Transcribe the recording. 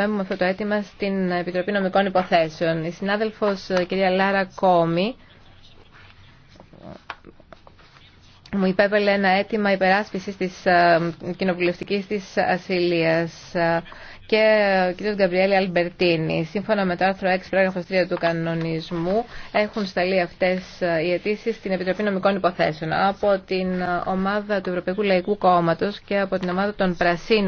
εκπέμπουμε αυτό το αίτημα στην Επιτροπή Νομικών Υποθέσεων. Η συνάδελφος ε, κυρία Λάρα Κόμη μου υπέβαλε ένα αίτημα υπεράσπισης της ε, κοινοβουλευτικής της ασυλίας ε, και ο κ. Γκαμπριέλη Αλμπερτίνη. Σύμφωνα με το άρθρο 6, πράγραφος 3 του κανονισμού, έχουν σταλεί αυτές οι αιτήσει στην Επιτροπή Νομικών Υποθέσεων. Από την ομάδα του Ευρωπαϊκού Λαϊκού Κόμματος και από την ομάδα των Πρασίνων